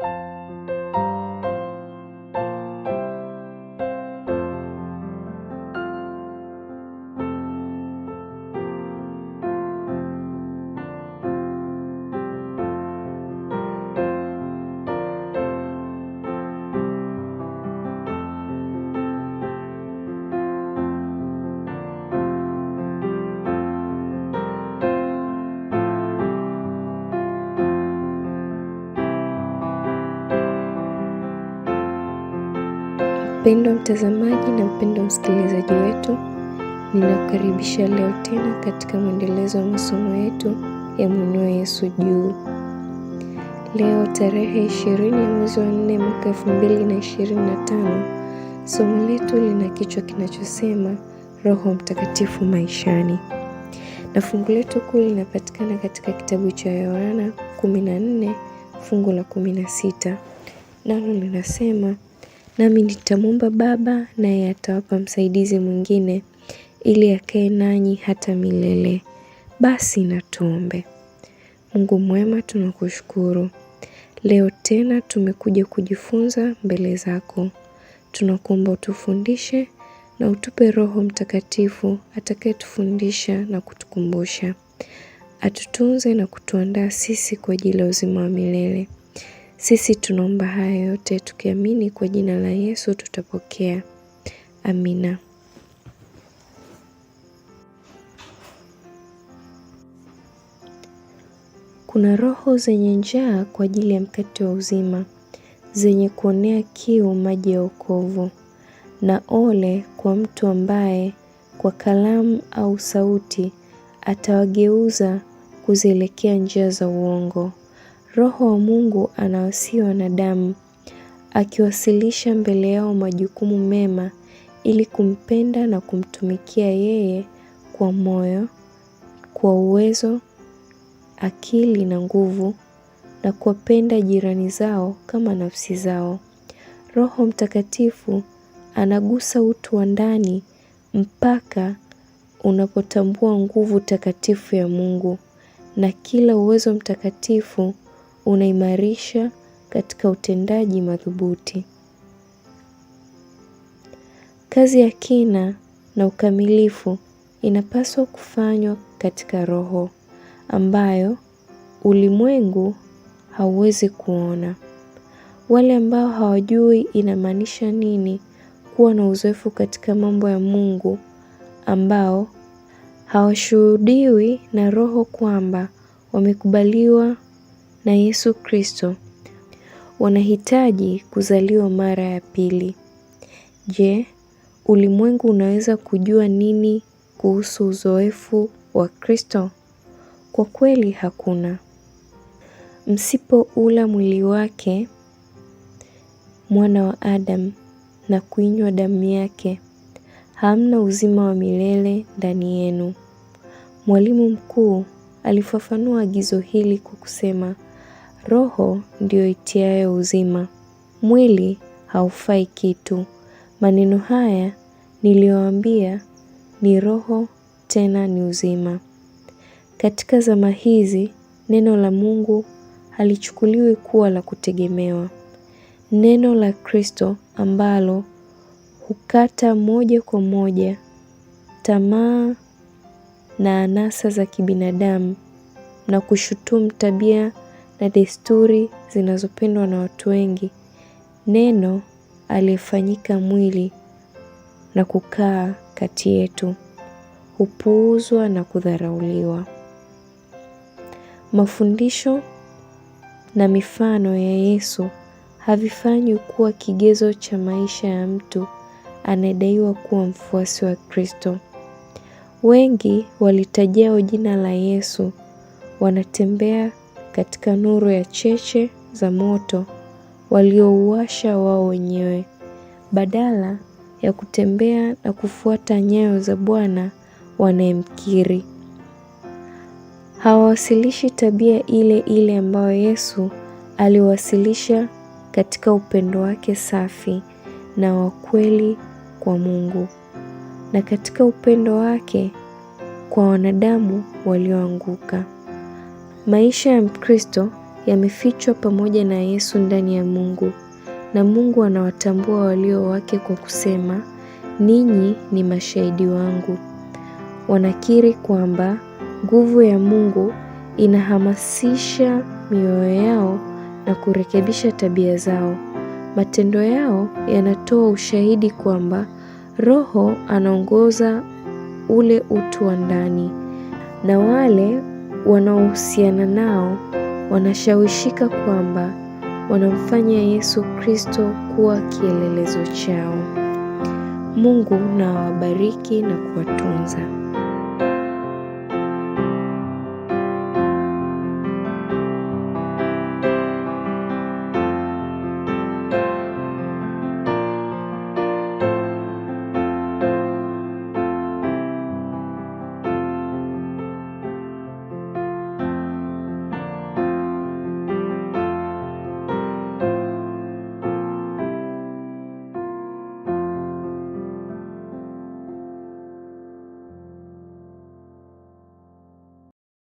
Thank you Mpendwa mtazamaji na mpendwa msikilizaji wetu, ninakukaribisha leo tena katika mwendelezo wa masomo yetu ya Mwinue Yesu Juu. Leo tarehe ishirini ya mwezi wa nne mwaka elfu mbili na ishirini na tano somo letu lina kichwa kinachosema Roho Mtakatifu maishani, na fungu letu kuu linapatikana katika kitabu cha Yohana 14 fungu la 16 nalo linasema Nami nitamwomba Baba naye atawapa msaidizi mwingine ili akae nanyi hata milele. Basi na tuombe. Mungu mwema, tunakushukuru leo tena tumekuja kujifunza mbele zako. Tunakuomba utufundishe na utupe Roho Mtakatifu atakayetufundisha na kutukumbusha, atutunze na kutuandaa sisi kwa ajili ya uzima wa milele. Sisi tunaomba haya yote tukiamini kwa jina la Yesu tutapokea. Amina. Kuna roho zenye njaa kwa ajili ya mkate wa uzima, zenye kuonea kiu maji ya wokovu. Na ole kwa mtu ambaye kwa kalamu au sauti atawageuza kuzielekea njia za uongo. Roho wa Mungu anawasihi wanadamu, akiwasilisha mbele yao majukumu mema ili kumpenda na kumtumikia yeye kwa moyo, kwa uwezo, akili na nguvu na kuwapenda jirani zao kama nafsi zao. Roho Mtakatifu anagusa utu wa ndani mpaka unapotambua nguvu takatifu ya Mungu na kila uwezo mtakatifu unaimarisha katika utendaji madhubuti. Kazi ya kina na ukamilifu inapaswa kufanywa katika roho ambayo ulimwengu hauwezi kuona. Wale ambao hawajui inamaanisha nini kuwa na uzoefu katika mambo ya Mungu ambao hawashuhudiwi na roho kwamba wamekubaliwa na Yesu Kristo wanahitaji kuzaliwa mara ya pili. Je, ulimwengu unaweza kujua nini kuhusu uzoefu wa Kristo? Kwa kweli hakuna. Msipoula mwili wake mwana wa Adamu na kuinywa damu yake, hamna uzima wa milele ndani yenu. Mwalimu mkuu alifafanua agizo hili kwa kusema, Roho ndiyo itiayo uzima, mwili haufai kitu. Maneno haya niliyoambia ni roho tena ni uzima. Katika zama hizi neno la Mungu halichukuliwi kuwa la kutegemewa. Neno la Kristo ambalo hukata moja kwa moja tamaa na anasa za kibinadamu na kushutumu tabia na desturi zinazopendwa na watu wengi, neno aliyefanyika mwili na kukaa kati yetu hupuuzwa na kudharauliwa. Mafundisho na mifano ya Yesu havifanywi kuwa kigezo cha maisha ya mtu anayedaiwa kuwa mfuasi wa Kristo. Wengi walitajao jina la Yesu wanatembea katika nuru ya cheche za moto waliouasha wao wenyewe, badala ya kutembea na kufuata nyayo za Bwana wanayemkiri. Hawawasilishi tabia ile ile ambayo Yesu aliwasilisha katika upendo wake safi na wa kweli kwa Mungu na katika upendo wake kwa wanadamu walioanguka. Maisha ya Mkristo yamefichwa pamoja na Yesu ndani ya Mungu, na Mungu anawatambua walio wake kwa kusema, ninyi ni mashahidi wangu. Wanakiri kwamba nguvu ya Mungu inahamasisha mioyo yao na kurekebisha tabia zao. Matendo yao yanatoa ushahidi kwamba Roho anaongoza ule utu wa ndani, na wale wanaohusiana nao wanashawishika kwamba wanamfanya Yesu Kristo kuwa kielelezo chao. Mungu na awabariki na kuwatunza.